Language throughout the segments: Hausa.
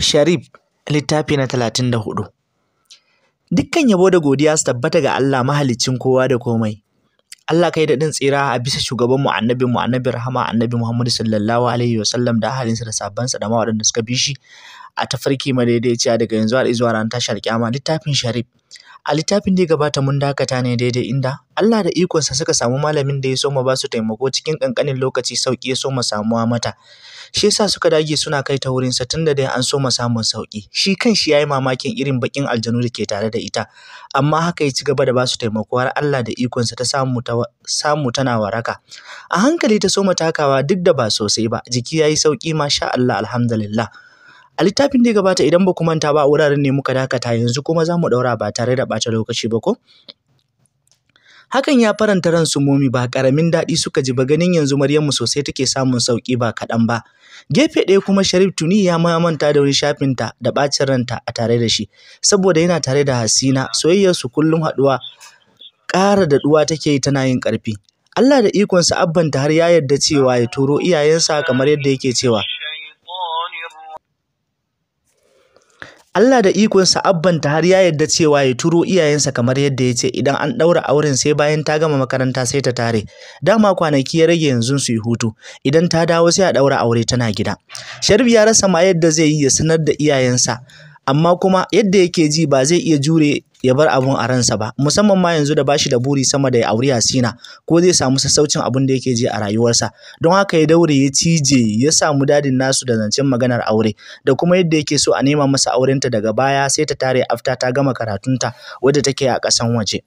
Sharif littafi na talatin da hudu Dukkan yabo da godiya su tabbata ga Allah mahalicin kowa da komai. Allah kai daɗin tsira a bisa shugaban mu annabi mu annabi rahama annabi Muhammadu sallallahu alaihi wa da ahalinsa da sabansa da ma suka bi shi a tafarki madaidaiciya daga yanzu har izuwa ran tashar kyama littafin sharif a littafin da ya gabata mun dakata ne daidai inda Allah da ikonsa suka samu malamin da ya so mu ba su taimako cikin kankanin lokaci sauki ya so mu samuwa mata shi yasa suka dage suna kai ta wurin sa tunda dai an so mu samun sauki shi kan shi yayi mamakin irin bakin aljanu da ke tare da ita amma haka ya ci gaba da ba su taimako har Allah da ikonsa ta samu ta samu tana waraka a hankali ta so mu takawa duk da ba sosai ba jiki yayi sauki masha Allah alhamdulillah A littafin da ya gabata idan ba ku manta ba a wuraren ne muka dakata yanzu kuma za mu ɗaura ba tare da ɓata lokaci ba ko? Hakan ya faranta ran su momi ba karamin daɗi suka ji ba ganin yanzu Maryamu sosai take samun sauƙi ba kaɗan ba. Gefe ɗaya kuma Sharif tuni ya manta da wani shafinta da ɓacin ranta a tare da shi, saboda yana tare da Hasina su kullum haɗuwa ƙara daɗuwa take yi tana yin ƙarfi. Allah da ikonsa abbanta har ya yarda cewa ya turo iyayensa kamar yadda yake cewa. Allah da ikonsa abbanta har ya yadda cewa ya turo iyayensa kamar yadda ya ce idan an ɗaura auren sai bayan ta gama makaranta sai ta tare. Dama kwanaki ya rage yanzu su yi hutu, idan ta dawo sai a ɗaura aure tana gida. Sharif ya rasa ma yadda zai yi ya sanar da iyayensa, amma kuma yadda yake ji ba zai iya jure ya bar abun a ransa ba musamman ma yanzu da bashi da buri sama da ya auri Yasina ko zai samu sassaucin abin da yake ji a rayuwarsa don haka ya daure ya cije ya samu dadin nasu da zancen maganar aure da kuma yadda yake so a nema masa aurenta daga baya sai ta tare afta ta gama karatunta wadda take a kasan waje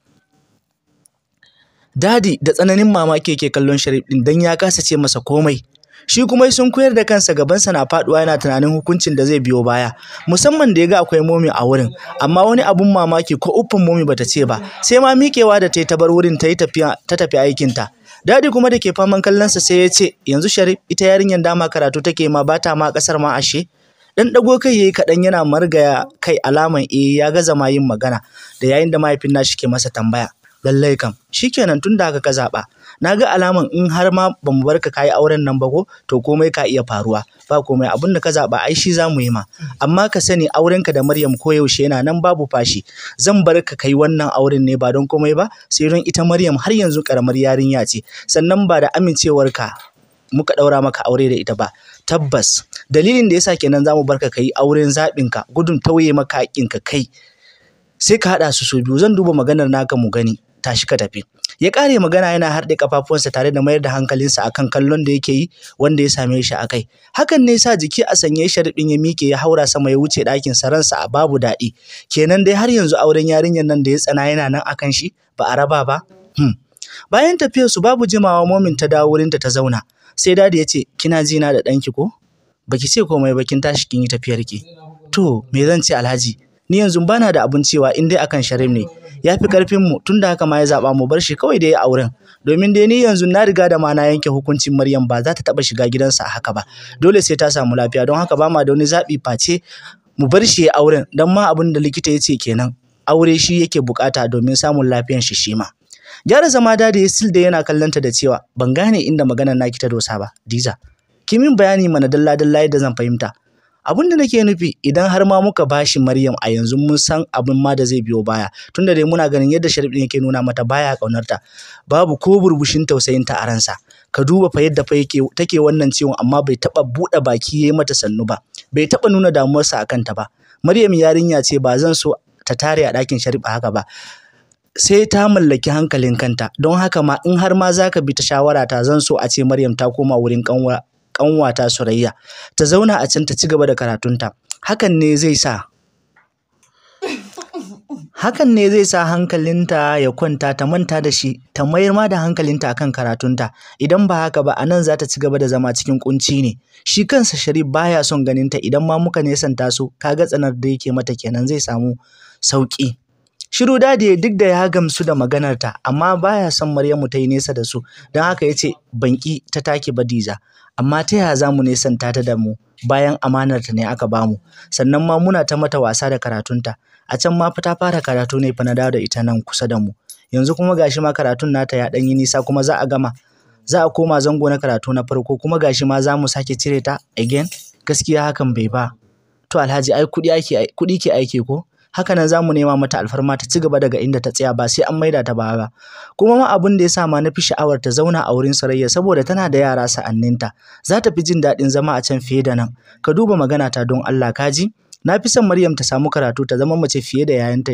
dadi da tsananin mamaki yake kallon Sharif din dan ya kasace masa komai shi kuma sun koyar da kansa gabansa na faduwa yana tunanin hukuncin da zai biyo baya musamman da ya ga akwai momi a wurin amma wani abun mamaki ko uffin momi bata ce ba sai ma miƙewa da ta yi ta bar wurin ta yi tafiya ta tafi aikinta dadi kuma da ke faman sa sai ya ce yanzu sharif ita yarinyar dama karatu take ma bata ma kasar ma ashe dan dago kai yayi kaɗan yana margaya kai alaman eh ya gaza ma yin magana da yayin da mahaifin nashi ke masa tambaya lallai kam shikenan da haka ka zaɓa. na ga alaman in har ma ba mu barka kayi auren nan ba ko to komai ka iya faruwa ba komai abin da ka zaɓa ai shi za mu yi ma amma ka sani aurenka da Maryam ko yaushe yana nan babu fashi zan bar ka kai wannan auren ne ba don komai ba sai don ita Maryam har yanzu karamar yarinya ce sannan ba da amincewarka muka ɗaura maka aure da ita ba tabbas dalilin da yasa kenan zamu barka kai auren zaɓinka gudun tauye maka haƙƙinka kai sai ka haɗa su su biyu zan duba maganar naka mu gani tashi ka tafi ya ƙare magana yana harɗe ƙafafuwansa tare da mayar da hankalinsa akan kallon da yake yi wanda ya same shi a kai hakan ne sa jiki a sanye sharɗin ya mike ya haura sama ya wuce ɗakin sa ransa a babu daɗi kenan dai har yanzu auren yarinyar nan da ya tsana yana nan akan shi ba a raba ba hmm. bayan tafiyar su babu jimawa momin ta dawo wurinta ta zauna sai dadi ya ce kina ji na da ɗanki ko baki ce komai ba kin tashi kin yi tafiyar ki to me zan ce alhaji Ni yanzu ba na da abin cewa in dai akan sharim ne. Ya fi ƙarfinmu tun da haka ma ya zaba mu bar shi kawai da ya auren. Domin dai ni yanzu na riga da ma na yanke hukuncin Maryam ba za ta taɓa shiga gidansa haka ba. Dole sai ta samu lafiya don haka ba ma da wani zaɓi face mu bar shi ya auren dan ma abin da likita ya ce kenan. Aure shi yake bukata domin samun lafiyan shi shima Gyara zama da ya sil da yana kallonta da cewa ban gane inda maganar naki ta dosa ba, Diza. Ki bayani mana dalla-dalla yadda zan fahimta. abin da nake nufi idan har ma muka bashi Maryam a yanzu mun san abin ma da zai biyo baya tunda dai muna ganin yadda Sharif yake nuna mata baya kaunarta babu ko burbushin tausayin ta a ransa ka duba fa yadda fa yake take wannan ciwon amma bai taba buɗe baki yayi mata sannu ba bai taba nuna damuwarsa akan ta ba Maryam yarinya ce ba zan so ta tare a ɗakin Sharif haka ba sai ta mallaki hankalin kanta don haka ma in har ma zaka bi ta shawara ta zan so a ce Maryam ta koma wurin kanwa ƙanwata Surayya ta zauna a can ta ci gaba da karatunta hakan ne zai sa hakan ne zai sa hankalinta ya kwanta ta manta da shi ta mayar ma da hankalinta akan karatunta idan ba haka ba anan za ta ci gaba da zama cikin kunci ne shi kansa Sharif baya son ganinta idan ma muka nesanta su kaga tsanar da yake mata kenan zai samu sauki Shiru dadi duk da ya gamsu da maganarta amma baya son Maryamu ta yi nesa da su don haka ya ce banki ta take Badiza Amma ta yaya za mu nesanta ta da mu bayan amanar ta ne aka bamu Sannan ma muna ta mata wasa da karatunta. A can ma ta fara karatu ne fa na dawo da ita nan kusa da mu. Yanzu kuma gashi ma karatun nata ya ɗan yi nisa kuma za a gama. Za a koma zango na karatu na farko kuma gashi ma za mu sake cire ta again? Gaskiya hakan bai ba. To Alhaji ai kuɗi ake kuɗi ke aike ko? haka nan za nema mata alfarma ta ci gaba daga inda ta tsaya ba sai an maida ta baya ba kuma ma abin da ya sa ma na fi sha'awar ta zauna a wurin sarayya saboda tana da yara sa'anninta za ta fi jin daɗin zama a can fiye da nan ka duba magana ta don Allah kaji ji na fi son Maryam ta samu karatu ta zama mace fiye da yayanta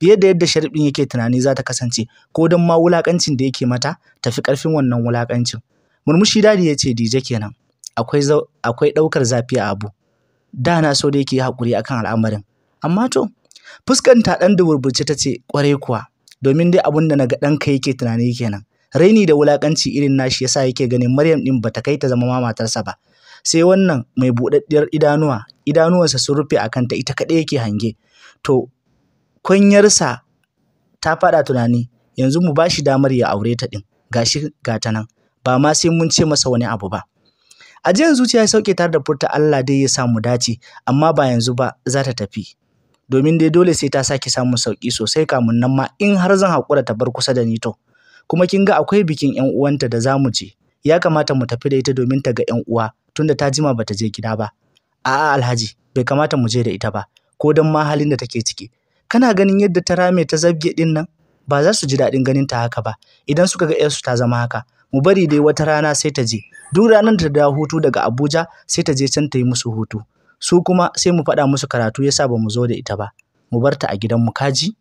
fiye da yadda sharifin yake tunani za ta kasance ko don ma wulakancin da yake mata tafi karfin wannan wulakancin murmushi dadi ya ce dije kenan akwai akwai daukar zafi a abu da na so da yake hakuri akan al'amarin Amma to, fuskan ta ɗan duburbuce ta ce ƙwarai kuwa, domin dai abin da na ga ɗanka yake tunani kenan. Raini da wulaƙanci irin nashi yasa yake ganin Maryam ɗin bata kai ta zama ma matarsa ba. Sai wannan mai buɗaɗɗiyar idanuwa, idanuwansa sun rufe a kanta ita kaɗai yake hange. To, kunyarsa ta faɗa tunani, yanzu mu bashi damar ya aure ta ɗin, gashi ga ta nan, ba ma sai mun ce masa wani abu ba. Ajiyar zuciya ya sauke tare da furta Allah dai ya sa mu dace, amma ba yanzu ba za ta tafi. domin dai dole sai ta sake samun sauki sosai kamun nan ma in har zan haƙura ta bar kusa da ni to. Kuma kin ga akwai bikin 'yan uwanta da zamu mu je, ya kamata mu tafi da ita domin ta ga 'yan uwa tunda ta jima bata je gida ba. A'a Alhaji, bai kamata mu je da ita ba, ko dan ma halin da take ciki. Kana ganin yadda ta rame ta zabge ɗin nan? Ba za su ji daɗin ganin ta haka ba, idan suka ga 'yarsu ta zama haka. Mu bari dai wata rana sai ta je, duk ranar da ta dawo hutu daga Abuja sai ta je can ta yi musu hutu. su kuma sai mu faɗa musu karatu yasa ba mu zo da ita ba mu bar ta a gidanmu kaji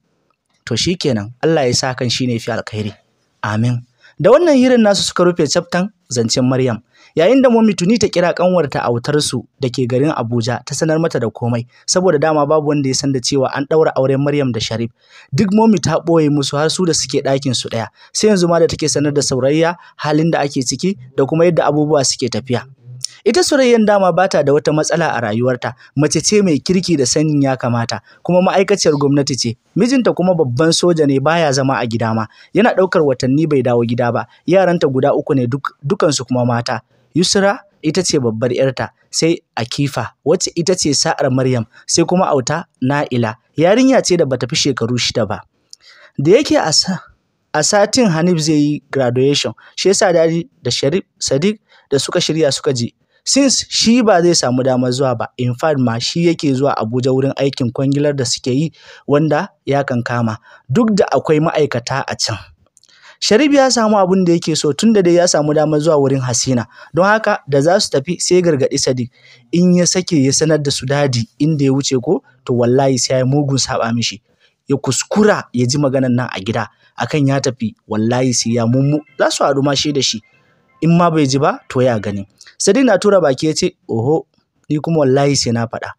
to shi kenan, Allah ya sa kan shi ne fi alkhairi amin da wannan hirin nasu suka rufe tsaftan zancen Maryam yayin da Momi Tuni ta kira kanwarta a wutar su ke garin Abuja ta sanar mata da komai saboda dama babu wanda ya san da cewa an ɗaura auren Maryam da Sharif duk Momi ta ɓoye musu har su da suke ɗakin su ɗaya sai yanzu ma da take sanar da saurayya halin da ake ciki da kuma yadda abubuwa suke tafiya Ita Surayyan dama ba ta da wata matsala a rayuwarta, mace ce mai kirki da sanin ya kamata, kuma ma'aikaciyar gwamnati ce. Mijinta kuma babban soja ne baya zama a gida ma, yana ɗaukar watanni bai dawo gida ba, yaranta guda uku ne duk, dukansu kuma mata. Yusra ita ce babbar ‘yarta, sai Akifa, wacce ita ce sa'ar Maryam, sai kuma auta Na'ila, yarinya ce da bata fi shekaru shida ba. Da yake a satin Hanif zai yi graduation, shi yasa Dadi da Sharif Sadiq da suka shirya suka je since shi ba zai samu damar zuwa ba in fact ma shi yake zuwa Abuja wurin aikin kwangilar da suke yi wanda ya kankama duk da akwai ma'aikata a can Sharif ya samu abin da yake so tun da dai ya samu damar zuwa wurin Hasina don haka da za su tafi sai gargaɗi Sadiq in ya sake ya sanar da su dadi inda ya wuce ko to wallahi sai ya mugun saba mishi ya kuskura ya ji maganan nan a gida akan ya tafi wallahi sai ya mummu za su haɗu ma shi da shi in ma bai ji ba to ya gani Sadi na tura baki ya ce oho ni kuma wallahi sai na faɗa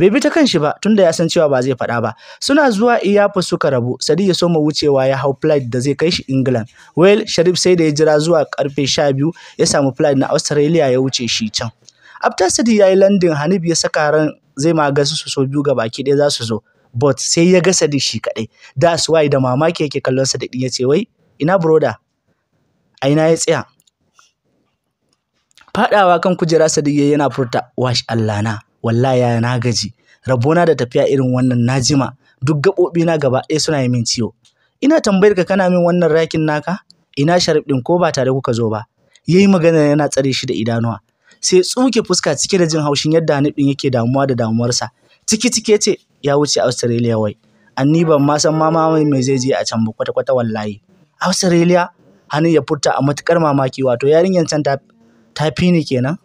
bai bi ta kan shi ba tunda ya san cewa ba zai faɗa ba suna zuwa iyafa suka rabu Sadi ya soma wucewa ya hau flight da zai kai shi england well sharif sai da ya jira zuwa karfe sha biyu ya samu flight na australia ya wuce shi can after Sadi ya yi landing hanif ya saka ran zai ma ga su so biyu ga baki ɗaya za su zo but sai ya ga Sadi shi kaɗai that's why da mamaki yake kallon sadiq ya ce wai ina broda Aina ya tsaya Faɗawa kan kujera Sadiq ya yana furta wash Allah na wallahi ya na gaji rabona da tafiya irin wannan na jima duk gaɓoɓi na gaba ɗaya suna yi min ciwo. Ina tambayar ka kana min wannan rakin naka? Ina sharif din ko ba tare kuka zo ba? Yayi magana yana tsare shi da idanuwa. Sai tsuke fuska cike da jin haushin yadda Hanif din yake damuwa da damuwarsa. Ciki ciki ce ya wuce Australia wai. Anni ban ma san mama mai me zai je a can ba kwata kwata wallahi. Australia hanin ya furta a matukar mamaki wato yarinyar can ta ta ne kenan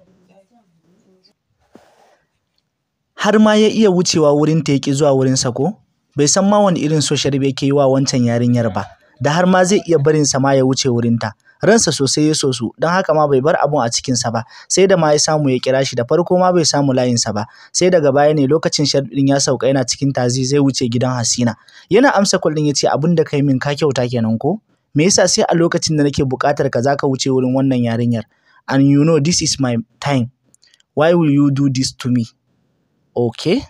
har ma ya iya wucewa wurin ta yake zuwa wurin sa ko bai san ma wani irin so sharbe yake yi wa wancan yarinyar ba da har ma zai iya barin sa ma ya wuce wurin ta ransa sosai ya so su don haka ma bai bar abun a cikin sa ba sai da ma ya samu ya kira shi da farko ma bai samu layin sa ba sai daga baya ne lokacin sharɗin ya sauka yana cikin tazi zai wuce gidan Hasina yana amsa kullun yace abin da kai min ka kyauta kenan ko me yasa sai a lokacin da nake buƙatar ka zaka wuce wurin wannan yarinyar and you know this is my time why will you do this to me okay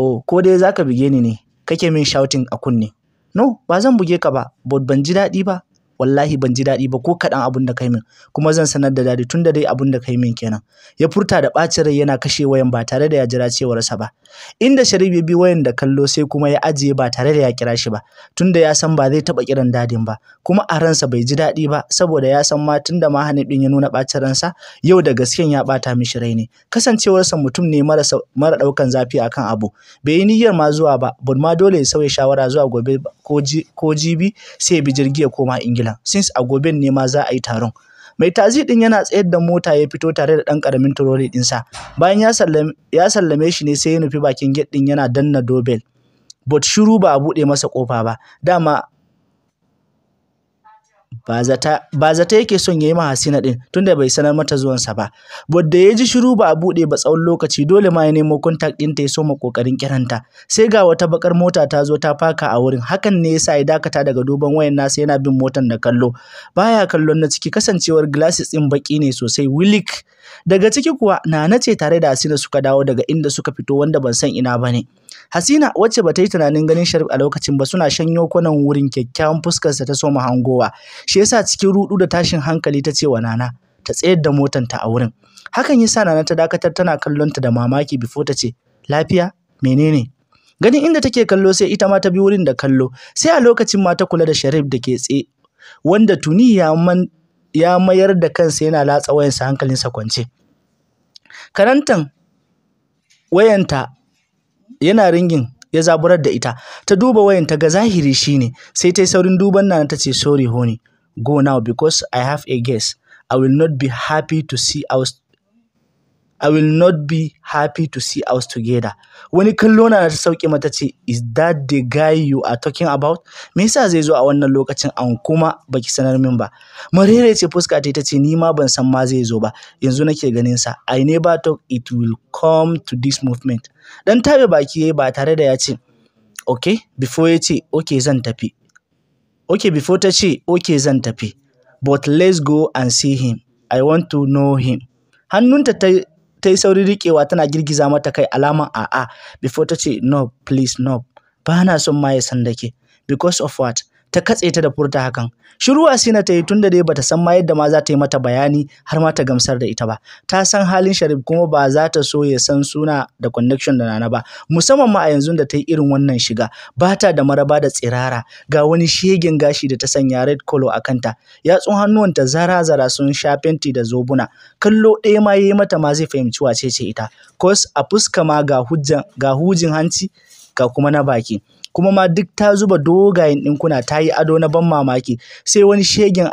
oh ko dai zaka buge ni ne kake min shouting a kunne no ba zan buge ka ba but ban ji daɗi ba wallahi ban ji daɗi ba ko kaɗan abun da kai min kuma zan sanar da daɗi tun da dai abun da kai min kenan ya furta da ɓacin rai yana kashe wayan ba tare da ya jira cewarsa ba inda Sharif ya bi wayan da kallo sai kuma ya ajiye ba tare da ya kira shi ba tunda ya san ba zai taɓa kiran dadin ba kuma a ransa bai ji daɗi ba saboda ya san ma da ma Hanif ɗin ya nuna ɓacin ransa yau da gasken ya ɓata mishi rai ne kasancewarsa mutum ne mara mara ɗaukan zafi akan abu bai yi niyyar ma zuwa ba bud ma dole ya sauya shawara zuwa gobe ko jibi sai ya bi jirgi ya koma Ingila kenan since a goben ne ma za a yi taron mai tazi din yana tsayar da mota ya fito tare da dan karamin turori din sa, bayan ya sallame shi ne sai ya nufi bakin gate ɗin yana danna dobel, but shiru ba a bude masa kofa ba dama ba zata yake son ya yi ma Hasina ɗin, tunda bai sanar mata zuwansa ba Bodda ya ji shiru ba a buɗe ba tsawon lokaci dole ma ya nemo contact din ta ya ma kokarin kiranta sai ga wata bakar mota ta zo ta faka a wurin hakan ne yasa ya dakata daga duban wayan nasa yana bin motan da kallo baya kallon na ciki kasancewar glasses ɗin baki ne sosai wilik daga ciki kuwa Nana ce tare da hasina suka dawo daga inda suka fito wanda ban san ina ba ne. Hasina wacce ta yi tunanin ganin Sharif a lokacin ba suna shanyo kwanan wurin kyakkyawan fuskarsa ta soma hangowa. Shi yasa cikin rudu da tashin hankali ta ce wa Nana ta tsayar da motanta a wurin. Hakan yasa Nana ta dakatar tana kallon ta da mamaki before ta ce lafiya menene ganin inda take kallo sai ita ma ta bi wurin da kallo sai a lokacin ma ta kula da Sharif da ke tse wanda tuni ya man ya mayar da kansa yana latsa wayansa hankalinsa kwance karantan wayanta yana ringin ya zaburar da ita ta duba wayan ta ga zahiri shine sai ta yi saurin duban nana ta ce sorry honey go now because i have a guest i will not be happy to see us I will not be happy to see us together. Wani kallo na ta sauke mata ce, Is that the guy you are talking about? Me yasa zai zo a wannan lokacin an kuma baki sanar min ba. Marere ce fuska ta ita ce ni ma ban san ma zai zo ba. Yanzu nake ganin sa. I never thought it will come to this movement. Dan tabe baki yayi ba tare da ya ce, Okay, before ya ce, Okay zan tafi. Okay, before ta ce, Okay zan tafi. But let's go and see him. I want to know him. Hannunta ta ta yi saurin riƙewa tana girgiza mata kai alaman a'a before ta ce no please no ba na son ma ya san dake because of what ta katse ta da furta hakan shiru asina ta yi tun da dai bata san ma yadda ma za ta yi mata bayani har ma ta gamsar da ita ba ta san halin sharif kuma ba za ta so ya san suna da connection da nana ba musamman ma a yanzu da ta yi irin wannan shiga ba ta da maraba da tsirara ga wani shegen gashi da ta sanya red kolo a kanta yatsun hannuwanta zara zara sun sha fenti da zobuna kallo ɗaya ma ya yi mata ma zai fahimci wace ce ita kos a fuska ma ga hujin hanci ga kuma na baki kuma ma duk ta zuba dogayen ɗinkuna ta yi ado na ban mamaki sai wani shegen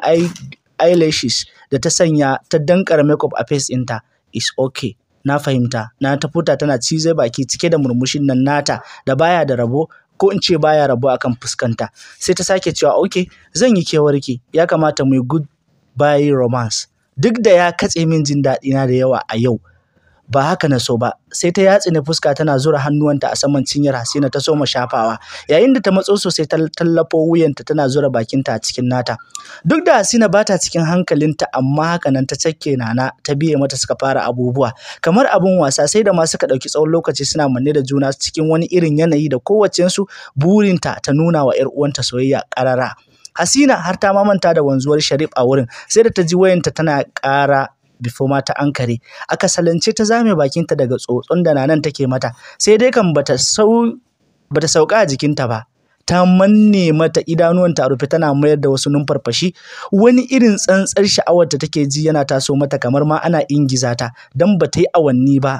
eyelashes da ta sanya ta dankara makeup a face ɗinta is okay na fahimta na ta futa tana cizai baki cike da murmushin nan nata da baya da rabo ko in ce baya rabo akan fuskanta sai ta sake cewa okay zan yi kewarki ya kamata mu yi good bye romance duk da ya katse min jin daɗi na da yawa a yau ba haka na so ba sai ta yatsi na fuska tana zura hannuwanta a saman cinyar Hasina ta soma shafawa yayin da ta matso sosai ta tallafo wuyanta tana zura bakinta a cikin nata duk da Hasina ba ta cikin hankalinta amma haka nan ta cakke nana ta biye mata suka fara abubuwa kamar abun wasa sai da ma suka ɗauki tsawon lokaci suna manne da juna cikin wani irin yanayi da kowace kowacensu burinta ta nuna wa 'yar uwanta soyayya ƙarara Hasina har ta mamanta da wanzuwar Sharif a wurin sai da ta ji wayanta tana ƙara before ma ta ankare aka salance ta zame bakinta daga tsotson da nanan take mata sai dai kan bata sau bata sauka a jikinta ba ta manne mata idanuwan ta rufe tana mayar da wasu numfarfashi wani irin tsantsar sha'awar ta take ji yana taso mata kamar ma ana ingiza ta dan bata yi awanni ba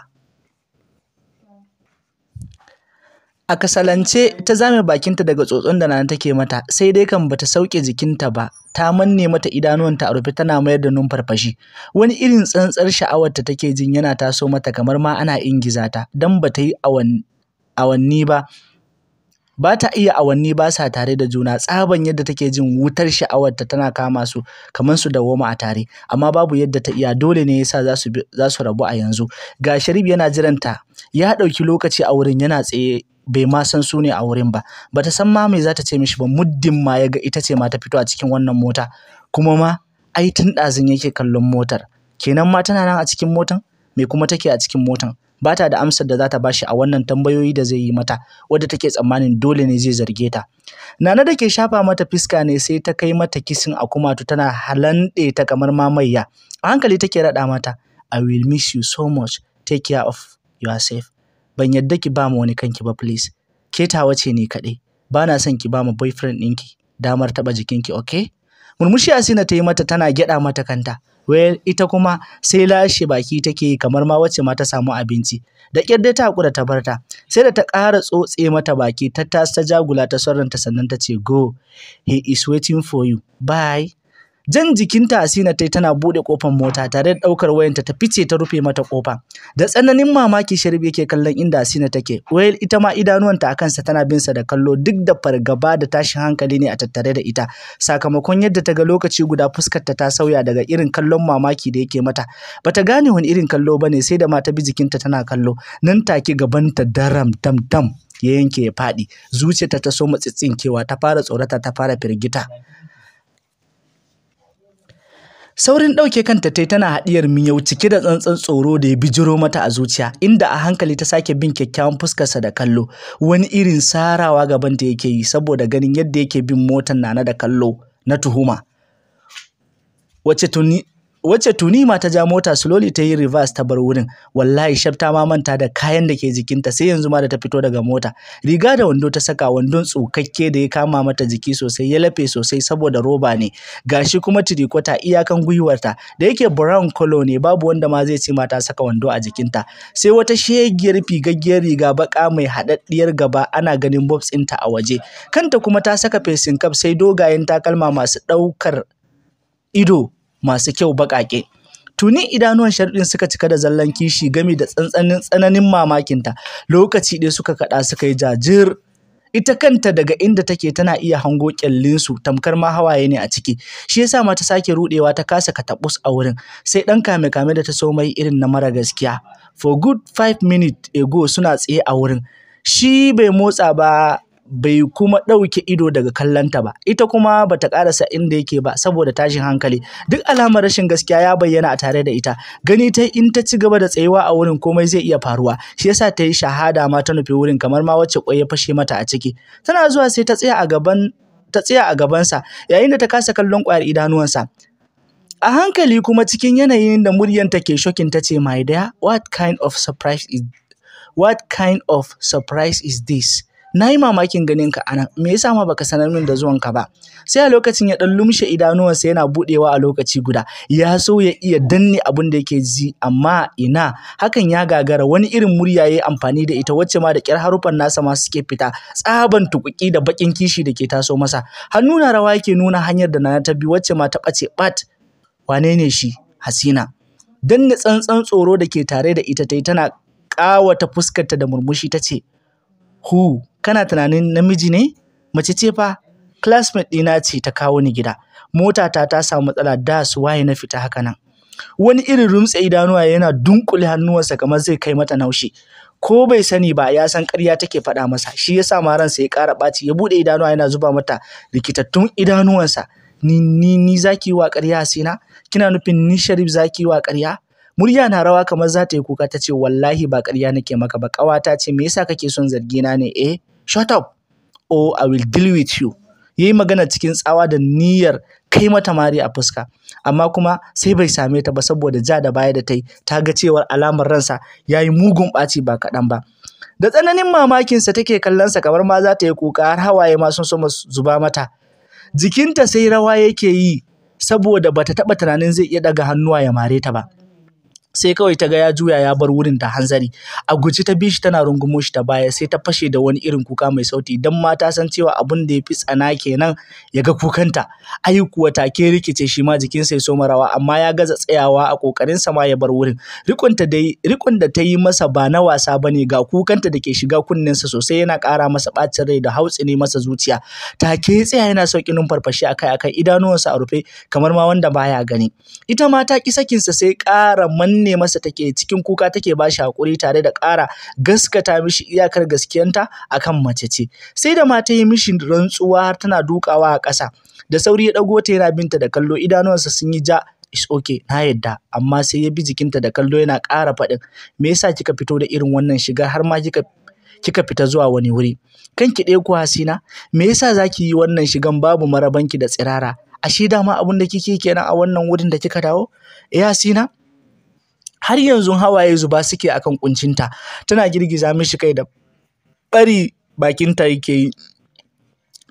A kasalance ta zame bakinta daga tsotson da Nana take mata, sai dai kan bata sauke jikinta ba, ta manne mata idanuwanta a rufe tana mayar da numfarfashi. Wani irin tsantsar sha'awar sha'awarta take jin yana taso mata kamar ma ana ingiza ta, don bata yi awanni ba. ba ta iya awanni ba sa tare da juna tsaban yadda take jin wutar sha'awarta tana kama su kamar su dawoma a tare amma babu yadda ta iya dole ne yasa za su za su rabu a yanzu ga Sharif yana jiranta ya ɗauki lokaci a wurin yana tsaye bai ma san su ne a wurin ba bata san ma mai za ta ce mishi ba muddin ma ya ga ita ce ma ta fito a cikin wannan mota kuma ma ai tun ɗazun yake kallon motar kenan ma tana nan a cikin motan me kuma take a cikin motan ba ta da amsar da za ta bashi a wannan tambayoyi da zai yi mata wadda take tsammanin dole ne zai zarge ta nana da ke shafa mata fiska ne sai ta kai mata kisin a kumatu tana halande ta kamar mamayya a hankali take raɗa mata i will miss you so much take care of yourself ban yadda ki ba mu wani kanki ba please ke tawa ce ne kaɗai ba na son ki ba mu boyfriend ɗinki damar taɓa jikinki okay murmushi asina ta yi mata tana gyaɗa mata kanta wayar ita kuma sai lashe baki take yi kamar ma wacce ma ta samu abinci da kyar dai ta haƙura ta barta sai da ta ƙara tsotse mata baki ta ta jagula ta sarranta sannan ta ce go he is waiting for you bye Jan jikinta Asina ta tana buɗe kofar mota tare da ɗaukar wayanta ta fice ta rufe mata kofa Da tsananin mamaki Sharif yake kallon inda Asina take. Wayar ita ma idanuwanta a kansa tana bin sa da kallo duk da fargaba da tashin hankali ne a tattare da ita. Sakamakon yadda ta ga lokaci guda fuskar ta ta sauya daga irin kallon mamaki da yake mata. Bata gane wani irin kallo bane sai da ma ta bi jikinta tana kallo. Nan take ta daram dam dam ya yanke ya faɗi zuciyarta ta so matsitsinkewa ta fara tsorata ta fara firgita Saurin ɗauke kanta tai tana haɗiyar miyau cike da tsantsan tsoro da ya bijiro mata a zuciya, inda a hankali ta sake bin kyakkyawan fuskarsa da kallo, wani irin sarawa gabanta yake yi saboda ganin yadda yake bin motar Nana da kallo na tuhuma. Wace tuni wacce tuni ma ta ja mota slowly ta yi reverse ta bar wurin wallahi shafta ma manta da kayan da ke jikinta sai yanzu ma da ta fito daga mota riga da wando ta saka wandon tsukakke da ya kama mata jiki sosai ya lafe sosai saboda roba ne gashi kuma tirikota iyakan gwiwarta da yake brown color ne babu wanda ma zai ce ma ta saka wando a jikinta sai wata shegiyar figaggiyar riga baka mai haɗaɗɗiyar gaba ana ganin bobs ɗinta a waje kanta kuma ta saka facing cap sai dogayen takalma masu ɗaukar ido masu kyau baƙaƙe. Tuni idanuwan sharɗin suka cika da zallan kishi gami da tsantsanin tsananin mamakinta, lokaci ɗaya suka kaɗa suka yi jajir. Ita kanta daga inda take tana iya hango ƙyallinsu tamkar ma hawaye ne a ciki, shi yasa ma ta sake ruɗewa ta kasa kataɓus a wurin, sai ɗan kame-kame da ta so mai irin na mara gaskiya. For good five minutes ago suna tsaye a wurin, shi bai motsa ba bai kuma ɗauke ido daga kallonta ba ita kuma bata ƙarasa inda yake ba saboda tashin hankali duk alamar rashin gaskiya ya bayyana a tare da ita gani ta in ta ci gaba da tsayuwa a wurin komai zai iya faruwa shi yasa ta yi shahada ma ta nufi wurin kamar ma wacce kwai ya fashe mata a ciki tana zuwa sai ta tsaya a gaban ta tsaya a gabansa yayin da ta kasa kallon ƙwayar idanuwansa A hankali kuma cikin yanayin da muryanta ke shokin ta ce, My dear, what kind of surprise is what kind of surprise is this? na yi mamakin ganin ka anan me yasa ma baka sanar min da zuwan ka ba sai a lokacin ya dan lumshe idanuwansa yana budewa a lokaci guda ya so ya iya danne abin da yake ji amma ina hakan ya gagara wani irin murya yayi amfani da ita wacce ma da kyar harufan nasa ma suke fita tsaban tukuki da bakin kishi da ke taso masa hannu rawa yake nuna hanyar da Nana ta bi wacce ma ta bace bat wane ne shi hasina danne tsantsan tsoro da ke tare da ita tai tana ƙawata fuskarta da murmushi ta ce hu kana tunanin namiji ne mace ce fa classmate dina ce ta kawo ni gida motata ta samu matsala da su waye na fita haka nan wani irin rumtse idanuwa yana dunkule hannuwansa kamar zai kai mata naushi ko bai sani ba ya san ƙarya take faɗa masa shi ya sa ransa ya ƙara ɓaci ya buɗe idanuwa yana zuba mata rikitattun idanuwansa ni ni ni zaki wa ƙarya hasina kina nufin ni sharif zaki wa ƙarya murya na rawa kamar za ta yi kuka ta ce wallahi ba ƙarya nake maka ba ƙawata ce me yasa kake son zargina ne eh shut up or oh, I will deal with you. Yayi magana cikin tsawa da niyyar kai mata mari a fuska, amma kuma sai bai same ta ba saboda ja da baya da ta yi, ta ga cewar alamar ransa ya yi mugun ɓaci ba kaɗan ba. Da tsananin mamakinsa take kallonsa kamar ma za ta yi kuka har hawaye ma sun soma zuba mata. Jikinta sai rawa yake yi saboda bata taɓa tunanin zai iya ɗaga hannuwa ya mare ta ba. sai kawai ta ga ya juya ya bar wurin ta hanzari a guji ta bi shi tana rungumo shi ta baya sai ta fashe da wani irin kuka mai sauti dan mata ta san cewa abin da ya fi tsana kenan ya ga kukanta ayi kuwa take rikice shi ma jikinsa ya soma rawa amma ya gaza tsayawa a kokarin sa ma ya bar wurin rikonta dai rikon da ta yi masa ba na wasa bane ga kukanta da ke shiga kunnen sa sosai yana ƙara masa bacin rai da hautsi ne masa zuciya take tsaya yana sauki numfarfashi akai akai idanuwansa a rufe kamar ma wanda baya gani ita ma ta ki sa sai ƙara manne binne masa take cikin kuka take ba shi haƙuri tare da ƙara gaskata mishi iyakar gaskiyanta akan mace ce sai da mata yi mishi rantsuwa har tana dukawa a ƙasa da sauri ya ɗago ta yana binta da kallo idanuwansa sun yi ja is okay na yadda amma sai ya bi jikinta da kallo yana ƙara faɗin me yasa kika fito da irin wannan shiga har ma kika kika fita zuwa wani wuri kanki ɗaya ku hasina me yasa zaki yi wannan shigan babu marabanki da tsirara ashe dama abin da kike kenan a wannan wurin da kika dawo ya eh, hasina har yanzu hawaye zuba suke akan kuncinta tana girgiza mishi kai da bari bakinta yake yi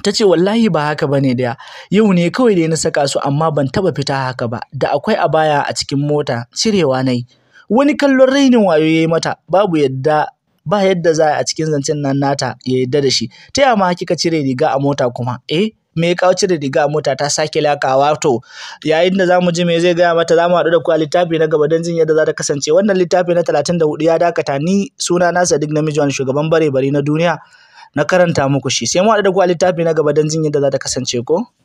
ta ce wallahi ba haka bane daya yau ne kawai da na saka su amma ban taba fita haka ba da akwai a baya a cikin mota cirewa nayi wani kallon rainin wayo yayi mata babu yadda ba yadda za a cikin zancen nan nata ya yadda da shi ta yama kika cire riga a mota kuma eh me ya da riga a mota ta sake laka wato yayin da zamu ji me zai gaya mata zamu haɗu da ku a littafi na gaba don jin yadda za ta kasance wannan littafi na 34 ya dakata ni suna na Sadiq Namiji wani shugaban bare bare na duniya na karanta muku shi sai mu haɗu da ku a littafi na gaba don jin yadda za ta kasance ko